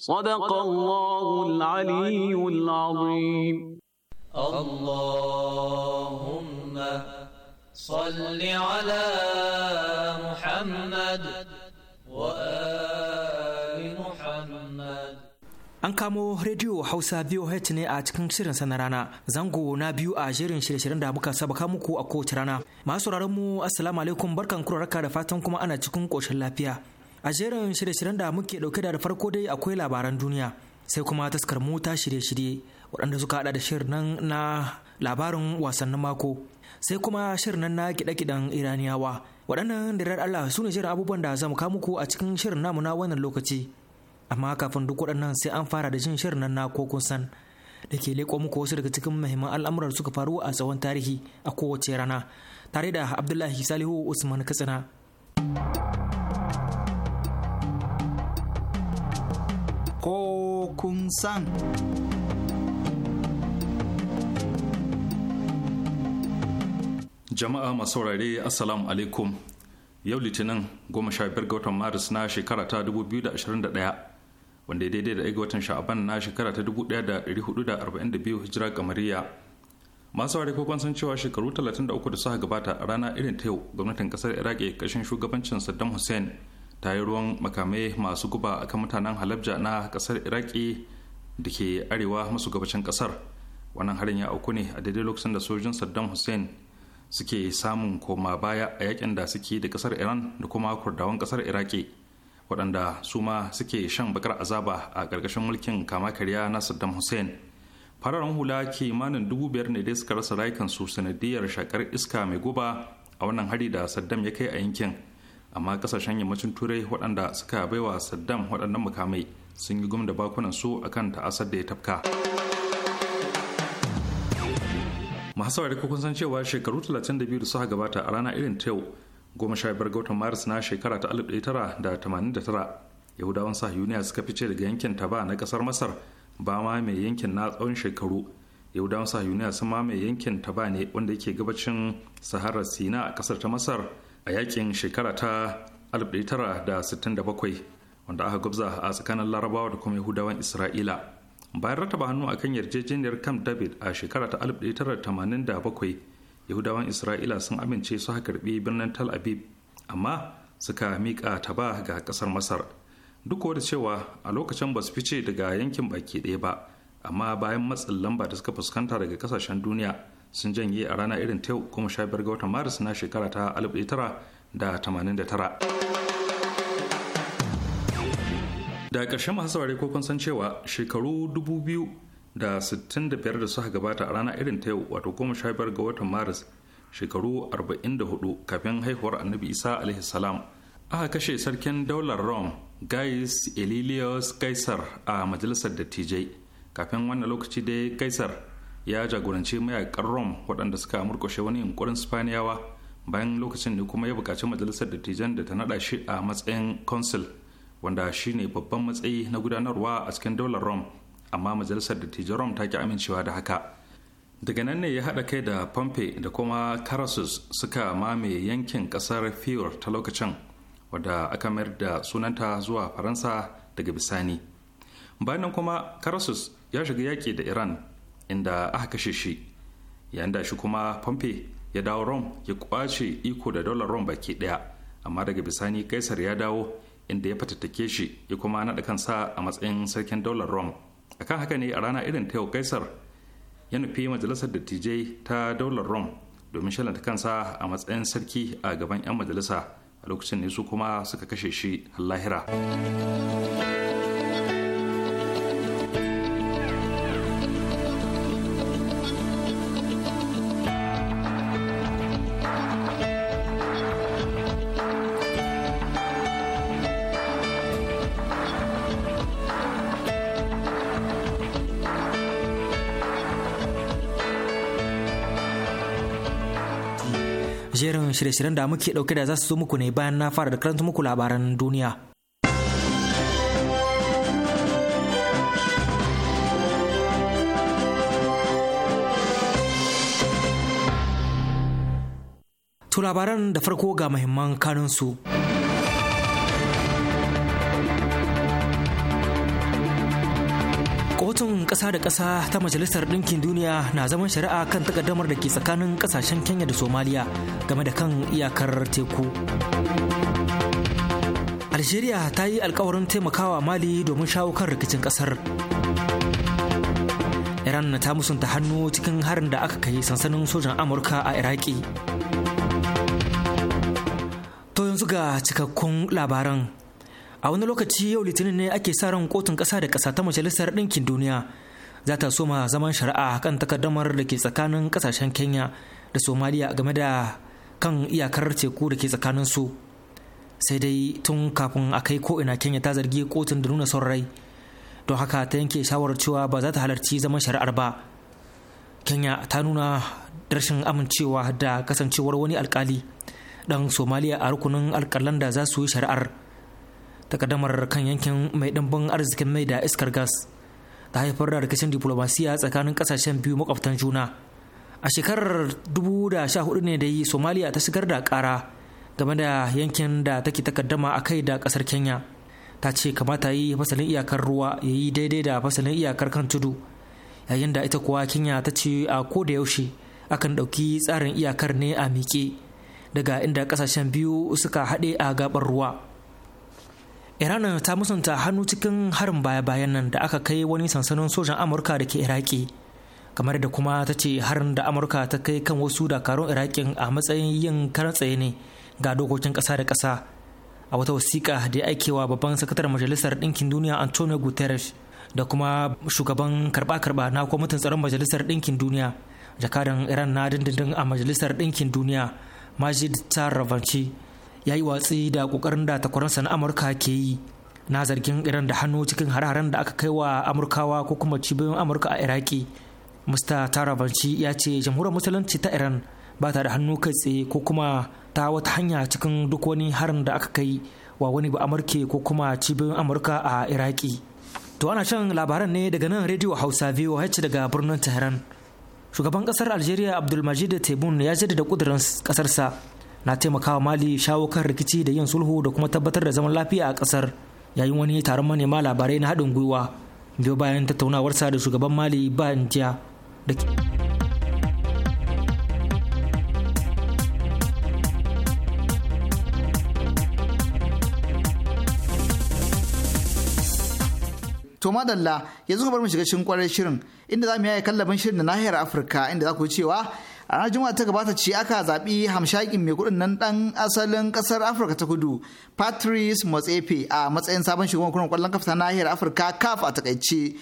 صدق الله العلي العظيم اللهم صل على محمد An kamo rediyo Hausa VOH ne a cikin shirin sana rana zango na biyu a shirin shirye-shiryen da muka sabaka muku a kowace rana. Masu mu Assalamu alaikum barkan kuraraka da fatan kuma ana cikin ƙoshin lafiya. a jerin shirye-shiryen da muke dauke da farko dai akwai labaran duniya sai kuma taskar mota shirye-shirye waɗanda suka hada da shirin nan na labarin wasannin mako sai kuma shirin nan na kiɗe-kiɗen iraniyawa waɗannan da Allah su ne shirin abubuwan da zamu kawo muku a cikin shirin namu na wannan lokaci amma kafin duk waɗannan sai an fara da jin shirin nan na ko kun san da ke leƙo muku wasu daga cikin muhimman al'amuran suka faru a tsawon tarihi a kowace rana tare da abdullahi salihu usman katsina ko kun san. Jama'a masu saurare Assalamu alaikum. Yau Litinin goma sha biyar ga watan Maris na shekara ta 2021 wanda ya daidai da ga watan sha'aban na shekara ta 1442 hijira kamariya. Masu saurare ko san cewa shekaru 33 da suka gabata a rana irin ta yau gwamnatin kasar Iraki kashin shugabancin Saddam Hussein ta yi ruwan makamai masu guba akan mutanen halabja na kasar iraki da ke arewa masu gabashin kasar wannan harin ya auku ne a daidai lokacin da sojin saddam hussein suke samun koma baya a yakin da suke da kasar iran da kuma kurdawan kasar iraki waɗanda su ma suke shan bakar azaba a ƙarƙashin mulkin kama karya na saddam hussein fararen hula kimanin dubu biyar ne dai suka rasa rayukansu sanadiyar shakar iska mai guba a wannan hari da saddam ya kai a yankin amma kasashen yammacin turai waɗanda suka baiwa saddam waɗannan mukamai sun yi gwamna bakunan su akan ta'asar da ya tafka masu da kun san cewa shekaru 32 da suka gabata a rana irin ta yau goma sha biyar ga maris na shekara ta 1989 yahudawan sahiyuniya suka fice daga yankin taba na kasar masar ba ma mai yankin na tsawon shekaru yahudawan sahiyuniya sun ma mai yankin taba ne wanda yake gabacin sahara sina a kasar ta masar a yakin shekara ta 1967 wanda aka gubza a tsakanin larabawa da kuma yahudawan isra'ila bayan rataba hannu a kan yarjejeniyar camp david a shekara ta 1987 yahudawan isra'ila sun amince su haka karbi birnin tal aviv amma suka miƙa ta ba ga ƙasar masar duk da cewa a lokacin ba su fice daga yankin baki ɗaya ba amma bayan matsin lamba da suka fuskanta daga ƙasashen duniya sun janye a rana irin ta kuma sha biyar ga watan maris na shekara ta tara da tamanin da tara. ƙarshen masu saurari ko kun san cewa shekaru dubu biyu da sittin da biyar da suka gabata a rana irin ta yau wato kuma sha biyar ga watan maris shekaru arba'in da hudu kafin haihuwar annabi isa alaihi salam aka kashe sarkin daular rome gaius elilios kaisar a majalisar dattijai kafin wannan lokaci dai kaisar ya jagoranci mayakan rom waɗanda suka murkushe wani yunkurin spaniyawa bayan lokacin ne kuma ya buƙaci majalisar dattijan da ta naɗa shi a matsayin consul wanda ne babban matsayi na gudanarwa a cikin daular rom amma majalisar dattijan rom ta ki amincewa da haka daga nan ne ya haɗa kai da pompe da kuma carasus suka mame yankin ƙasar fiyor ta lokacin wadda aka mayar da sunanta zuwa faransa daga bisani bayan kuma carasus ya shiga yaƙi da iran inda aka kashe shi yayin da shi kuma pompe ya dawo rome ya kwace iko da daular rome baki daya amma daga bisani kaisar ya dawo inda ya fatattake shi ya kuma naɗa kansa a matsayin sarkin daular rome akan haka ne a rana irin ta yau kaisar ya nufi majalisar dattijai ta daular rome domin shalanta kansa a matsayin sarki a gaban 'yan majalisa a lokacin ne su kuma suka kashe shi lahira. shirye-shiryen da muke dauke da za su zo muku ne bayan na fara da karanta muku labaran duniya. To labaran da farko ga muhimman kanunsu. kwamitin ƙasa da ƙasa ta Majalisar Ɗinkin Duniya na zaman shari'a kan takaddamar da ke tsakanin ƙasashen Kenya da Somaliya game da kan iyakar teku. Algeria ta yi alkawarin taimakawa Mali domin shawo kan rikicin ƙasar. Iran na ta musunta hannu cikin harin da aka kai sansanin sojan Amurka a Iraki. To yanzu ga cikakkun labaran a wani lokaci yau litinin ne ake sa ran kotun ƙasa da kasa ta majalisar ɗinkin duniya za ta soma zaman shari'a kan takaddamar da ke tsakanin kasashen kenya da somaliya game da kan iyakar teku da ke tsakanin su sai dai tun kafin a kai ko'ina kenya ta zargi kotun da nuna son rai don haka ta yanke shawarar cewa ba za ta halarci zaman shari'ar ba kenya ta nuna rashin amincewa da kasancewar wani alkali dan somaliya a rukunin alkalan da za su yi shari'ar takaddamar kan yankin mai ɗimbin arzikin mai da iskar gas ta haifar da rikicin diplomasiya tsakanin kasashen biyu makwabtan juna a shekarar 2014 ne da yi somaliya ta shigar da kara game da yankin da take takaddama a kai da kasar kenya ta ce kamata yi fasalin iyakar ruwa ya yi daidai da fasalin iyakar kan tudu yayin da ita kuwa kenya ta ce a ko da yaushe akan ɗauki tsarin iyakar ne a miƙe daga inda kasashen biyu suka haɗe a gabar ruwa iran ta musanta hannu cikin harin baya-bayan nan da aka kai wani sansanin sojan amurka da ke iraki kamar da kuma ta ce harin da amurka ta kai kan wasu dakarun iraki a matsayin yin karan tsaye ne ga dokokin kasa da kasa a wata wasiƙa da ya aikewa babban sakatar majalisar ɗinkin duniya antonio guterres da kuma shugaban karba-karba na kwamitin tsaron majalisar ɗinkin duniya jakadan iran na dindindin a majalisar ɗinkin duniya majid ta ravanci ya yi watsi da kokarin da takwaransa na amurka ke yi na zargin iran da hannu cikin hararen da aka kai wa amurkawa ko kuma cibiyoyin amurka a iraki mr tarabanci ya ce jamhuriyar musulunci ta iran ba ta da hannu kai tsaye ko kuma ta wata hanya cikin duk wani harin da aka kai wa wani ba amurke ko kuma cibiyoyin amurka a iraki to ana shan labaran ne daga nan rediyo hausa voh daga birnin tehran shugaban kasar algeria abdulmajid tebun ya jaddada kudurin kasarsa na taimakawa mali shawo kan rikici da yin sulhu da kuma tabbatar da zaman lafiya a kasar yayin wani taron manema labarai na haɗin gwiwa biyo bayan tattaunawarsa da shugaban mali ba da To madalla yanzu ka bar mu shiga cikin kwarar shirin inda za mu yaya kallabin shirin da nahiyar Afirka inda za ku cewa a ranar juma'a ta gabata ce aka zaɓi hamshakin mai kuɗin nan ɗan asalin ƙasar afirka ta kudu patrice motsepe a matsayin sabon shugaban kurin ƙwallon kafa ta nahiyar afirka kaf a takaice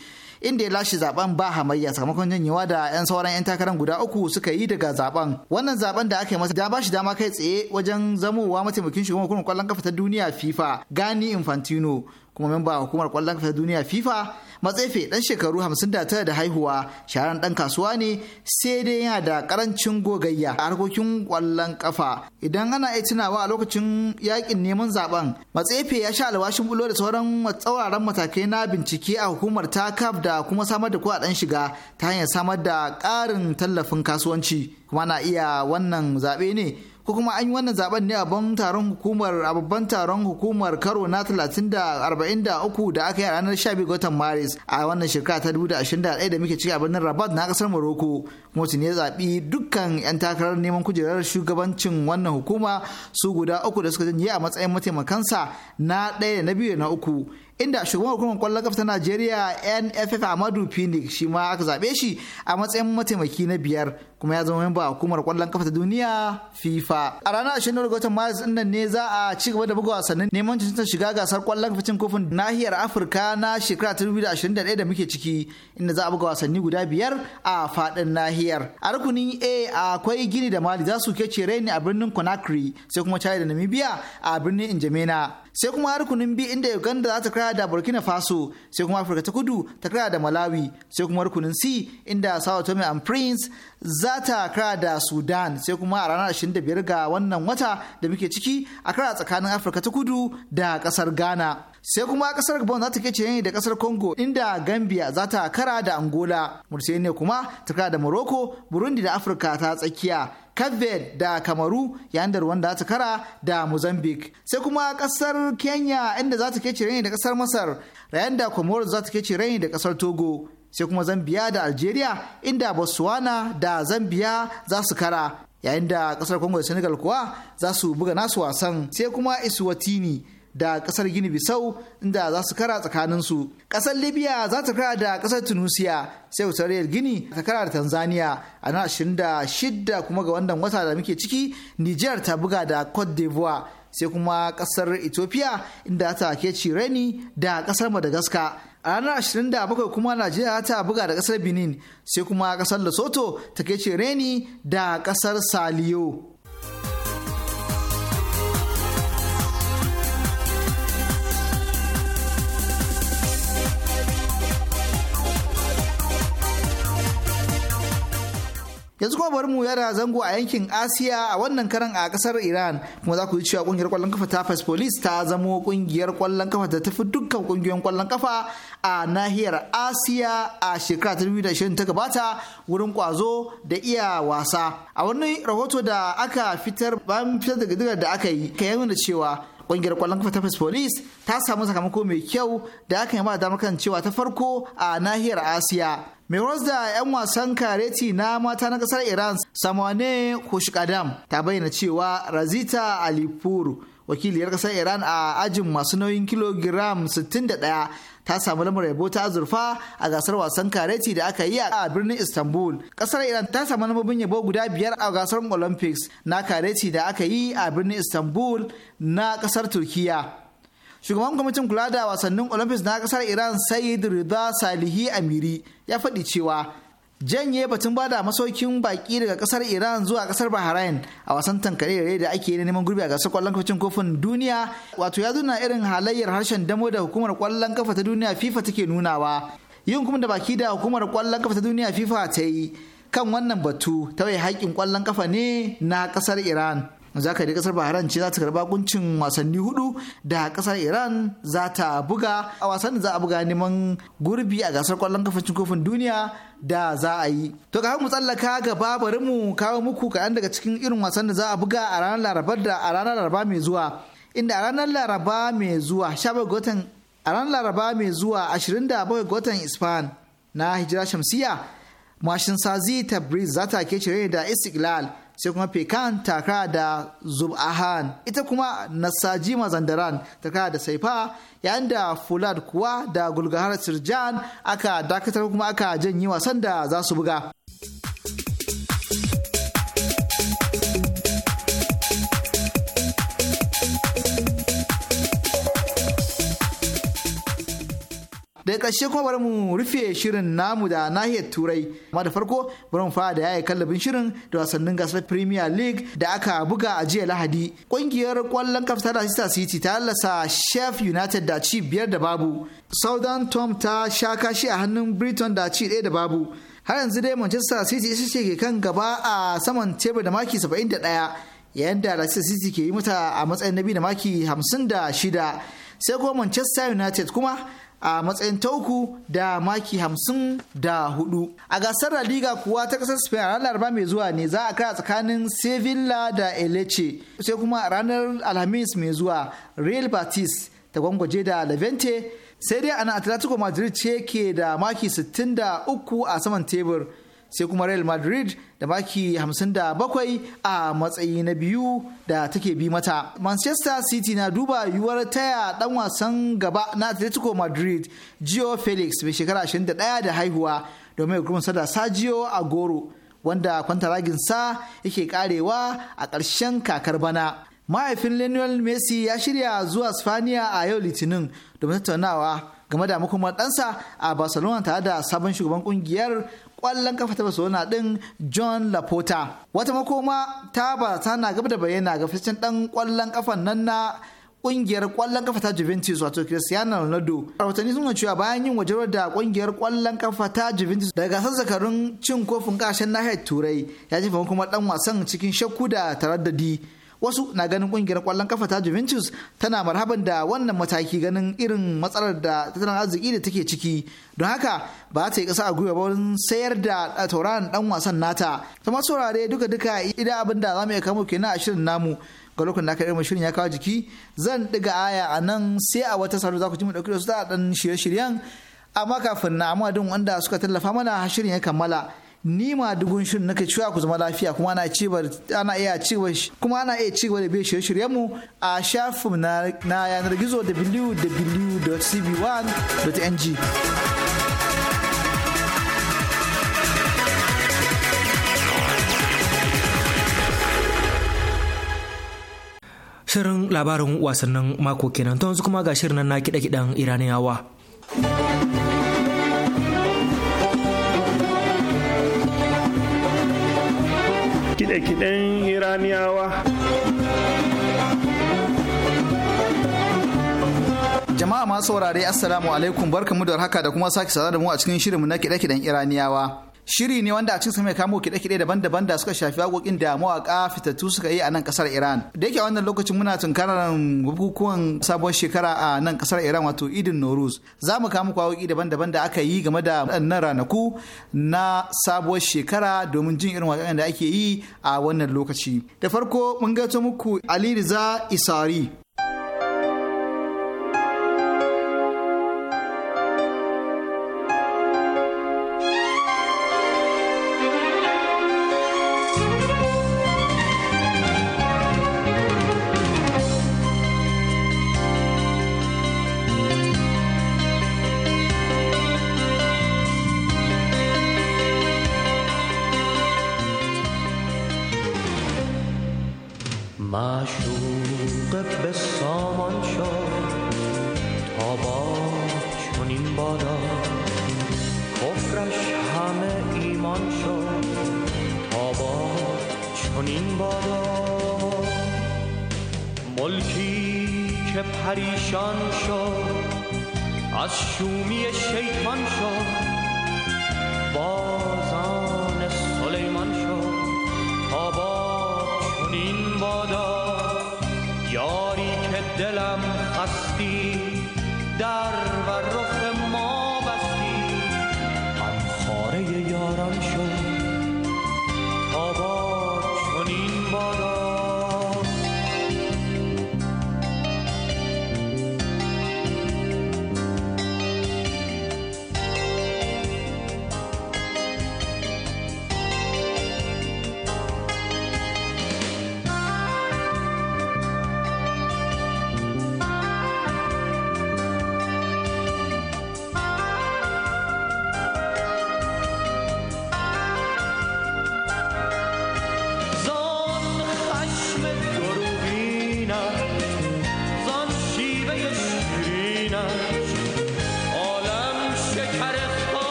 inda ya lashe zaben ba hamayya sakamakon janyewa da 'yan sauran 'yan takarar guda uku suka yi daga zaben wannan zaben da aka yi masa da ba shi dama kai tsaye wajen zamowa mataimakin shugaban hukumar kwallon kafa ta duniya fifa gani infantino kuma memba a hukumar kwallon kafa duniya FIFA matsefe dan shekaru 59 da haihuwa sharan dan kasuwa ne sai dai yana da karancin gogayya a harkokin kwallon kafa idan ana iya tunawa a lokacin yakin neman zaben matsefe ya sha alwashin bulo da sauran tsauraran matakai na bincike a hukumar ta kaf da kuma samar da kuɗaɗen shiga ta hanyar samar da ƙarin tallafin kasuwanci kuma na iya wannan zaɓe ne ko kuma an yi wannan zaben ne a ban taron hukumar a babban taron hukumar karo na 343 da aka yi a ranar 12 watan maris a wannan shekara ta 2021 da muke ciki a birnin rabat na kasar morocco kuma su ya zaɓi dukkan 'yan takarar neman kujerar shugabancin wannan hukuma su guda uku da suka janye a matsayin mataimakansa na ɗaya da na biyu na uku inda shugaban hukumar kwallon kafa ta Najeriya NFF Amadu Phoenix shi ma aka zaɓe shi a matsayin mataimaki na biyar kuma ya zama memba hukumar kwallon kafa ta duniya FIFA. A ranar 20 ga watan Maris din nan ne za a ci gaba da buga wasannin neman cancantar shiga gasar kwallon kafa cin kofin nahiyar Afirka na shekara 2021 da muke ciki inda za a buga wasanni guda biyar a faɗin nahiyar. A rukunin A akwai Gini da Mali za su kece Reni a birnin Conakry sai kuma Chad da Namibia a birnin Injamena. Sai kuma rukunin B inda Uganda za ta kira da burkina faso sai kuma afirka ta kudu ta kira da malawi sai kuma rukunin c inda sao tome and prince za ta kira da sudan sai kuma a ranar 25 ga wannan wata da muke ciki a kira tsakanin afirka ta kudu da kasar ghana sai kuma kasar gabon za ta ke ne da kasar congo inda gambia za ta kara da angola ne kuma ta kara da morocco burundi da afirka ta tsakiya Cape da Kamaru yayin da Rwanda ta kara da Mozambique. Sai kuma kasar Kenya inda za ta kece raini da kasar Masar, yayin da Comoros za ta kece raini da kasar Togo. Sai kuma Zambia da Algeria inda Botswana da Zambia za su kara, yayin da kasar Congo da Senegal kuwa za su buga nasu wasan. Sai kuma Eswatini da kasar gini bisau inda za su kara tsakaninsu kasar libya za ta kara da kasar tunisia sai wutariyar gini ta kara da tanzania a nan 26 kuma ga wannan wata da muke ciki niger ta buga da cote d'ivoire sai kuma kasar ethiopia inda ta ke cireni da kasar madagascar a ranar 27 kuma najeriya ta buga da kasar benin sai kuma kasar lesotho ta ke cireni da kasar saliyo yanzu kuma bari mu yara zango a yankin asiya a wannan karan a kasar iran kuma za ku ji cewa kungiyar kwallon kafa ta police ta zamo kungiyar kwallon kafa ta tafi dukkan kungiyoyin kwallon kafa a nahiyar asiya a shekara ta shirin ta gabata wurin kwazo da iya wasa a wani rahoto da aka fitar bayan fitar da da aka yi ka nuna cewa kungiyar kwallon kafa ta Police ta samu sakamako mai kyau da aka yi ba damar kan cewa ta farko a nahiyar Asiya mai da 'yan wasan kareti na mata na kasar iran samane kushkadam ta bayyana cewa razita alipur wakiliyar kasar iran a ajin masu nauyin kilogiram 61 ta samu lamar yabo ta azurfa a gasar wasan kareti da aka yi a birnin istanbul kasar iran ta samu lamar yabo guda biyar a gasar olympics na kareti da aka yi a birnin istanbul na kasar Turkiyya. shugaban kwamitin kula da wasannin olympics na kasar iran sayid rida salihi amiri ya faɗi cewa janye batun da masaukin baki daga kasar iran zuwa kasar bahrain a wasan tankare da ake yi neman gurbi a gasar kwallon kafacin kofin duniya wato ya nuna irin halayyar harshen damo da hukumar kwallon kafa ta duniya fifa take nunawa yin kuma da baki da hukumar kwallon kafa ta duniya fifa ta yi kan wannan batu ta wai haƙƙin kwallon kafa ne na kasar iran za ka kasar bahrain ce za ta karba kuncin wasanni hudu da kasar iran za ta buga a wasan da za a buga neman gurbi a gasar kwallon kafacin kofin duniya da za a yi to kafin mu tsallaka ga bari mu kawo muku kaɗan daga cikin irin wasan da za a buga a ranar laraba da a ranar laraba mai zuwa inda a ranar laraba mai zuwa 17 watan a ranar laraba mai zuwa 27 ga watan na hijira shamsiya mashin sazi tabriz za ta ke da istiklal sai kuma Pekan taka da Zub'ahan ita kuma Nasaji Zandaran taka da Saifa yayin da Fulad kuwa da Gulgahar Sirjan aka dakatar kuma aka janyi wasan da za su buga. daga ƙarshe kuma bari mu rufe shirin namu da nahiyar turai amma da farko bari mu fara da yaya kallabin shirin da wasannin gasar premier league da aka buga a jiya lahadi ƙungiyar ƙwallon kafa ta leicester city ta lasa chef united da ci biyar da babu southern tom ta sha kashi a hannun britain da ci ɗaya da babu har yanzu dai manchester city ita ce ke kan gaba a saman tebur da maki 71 yayin da leicester city ke yi mata a matsayin na biyu da maki 56 sai kuma manchester united kuma a matsayin tauku da maki hamsin da hudu a gasar la liga kuwa ta kasar spain ranar laraba mai zuwa ne za a a tsakanin sevilla da eleche sai kuma ranar alhamis mai zuwa real batis ta gwangwaje da levante sai dai ana atletico madrid ce ke da maki 63 a saman tebur sai kuma real madrid da maki 57 a matsayi na biyu da take bi mata manchester city na duba yiwuwar taya dan wasan gaba na atletico madrid gio felix mai shekara 21 da haihuwa domin hukumarsa da Sajiyo a goro wanda kwantaraginsa yake karewa a karshen kakar bana. Mahaifin Lionel Messi ya shirya zuwa Spaniya a yau Litinin domin tattaunawa game da makomar ɗansa a Barcelona tare da sabon shugaban kungiyar. kwallon kafa ta na din John Laporta. Wata makoma ta ba na gaba da bayyana ga fitaccen ɗan kwallon kafan nan na kungiyar kwallon kafa ta Juventus wato Cristiano Ronaldo. Rahotanni sun cewa bayan yin wajen da kungiyar kwallon kafa ta Juventus daga gasar zakarun cin kofin kashen nahiyar Turai ya jefa kuma dan wasan cikin shakku da taraddadi. wasu na ganin kungiyar kwallon kafa ta Juventus tana marhaban da wannan mataki ganin irin matsalar da tattalin arziki da take ciki don haka ba ta yi kasa a gwiwa ba wurin sayar da tauraron dan wasan nata sama saurare duka duka idan abin da zamu iya kamo kenan a shirin namu ga lokacin da aka irin shirin ya kawo jiki zan diga aya a nan sai a wata salo za ku ji mu dauki da su da dan shirye-shiryen amma kafin na amma din wanda suka tallafa mana shirin ya kammala ni ma dugun shirin nake cewa ku zama lafiya kuma ana ci ana iya ci kuma ana iya ci da bai shirye mu a shafin na yanar gizo www.cb1.ng Shirin labarin wasannin mako kenan, yanzu kuma ga shirin nan na kiɗa kiɗan Iraniyawa. kiɗe-kiɗen iraniyawa jama'a masu saurare assalamu alaikum barkamu da haka da kuma sake sada da mu a cikin shirinmu na kiɗe-kiɗen iraniyawa shiri ne wanda a cikin mai kamo kiɗe-kiɗe daban-daban da suka shafi waƙoƙin da mawaƙa fitattu suka yi a nan ƙasar Iran. Da yake a wannan lokacin muna tunkarar bukukuwan sabon shekara a nan kasar Iran wato Idin Noruz. Za mu kamo kwa daban-daban da aka yi game da waɗannan ranaku na sabuwar shekara domin jin irin waƙoƙin da ake yi a wannan lokaci. Da farko mun gato muku Ali Riza Isari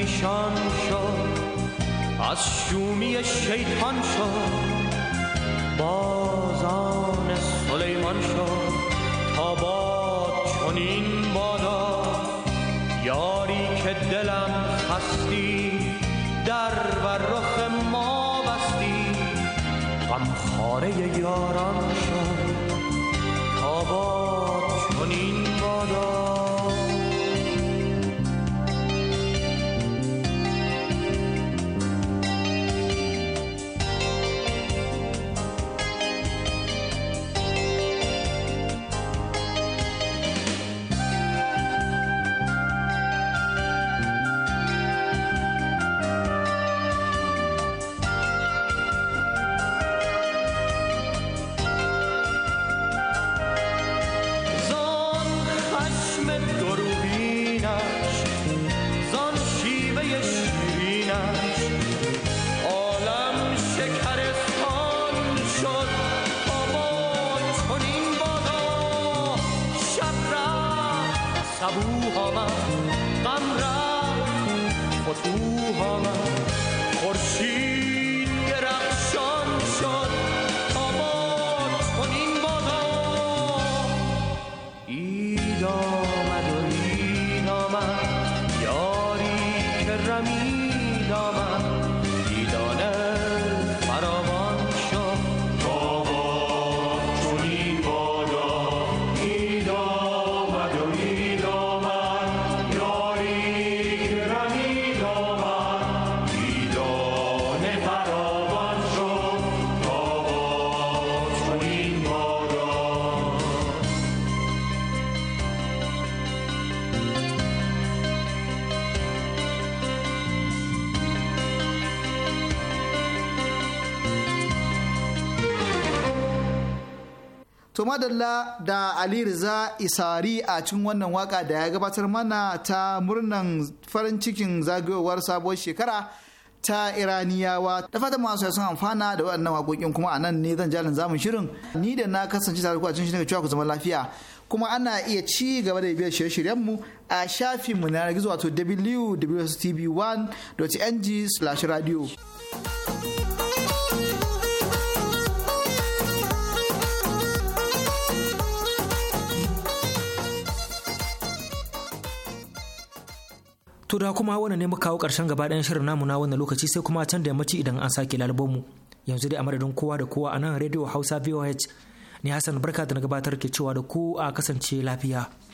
پریشان شد از شومی شیطان شد بازان سلیمان شد تا باد چنین بادا یاری که دلم خستی در و رخ ما بستی خاره یاران شد تا باد چنین بادا to madalla da ali riza isari a cikin wannan waka da ya gabatar mana ta murnan farin cikin zagayowar sabuwar shekara ta iraniyawa da fatan masu sun amfana da waɗannan waƙoƙin kuma a nan ne zan jalin zamun shirin ni da na kasance tare a cikin shirin cewa ku zama lafiya kuma ana iya ci gaba da biyar shirye-shiryenmu a shafinmu na gizo wato www.tv1.ng/radio. To da kuma wannan ne muka kawo ƙarshen gaba ɗayan shirin namu na wannan lokaci sai kuma can da yammaci idan an sake lalbomu. Yanzu dai a madadin kowa da kowa a nan rediyo Hausa VOH ne Hassan Barka da na gabatar ke cewa da ku a kasance lafiya.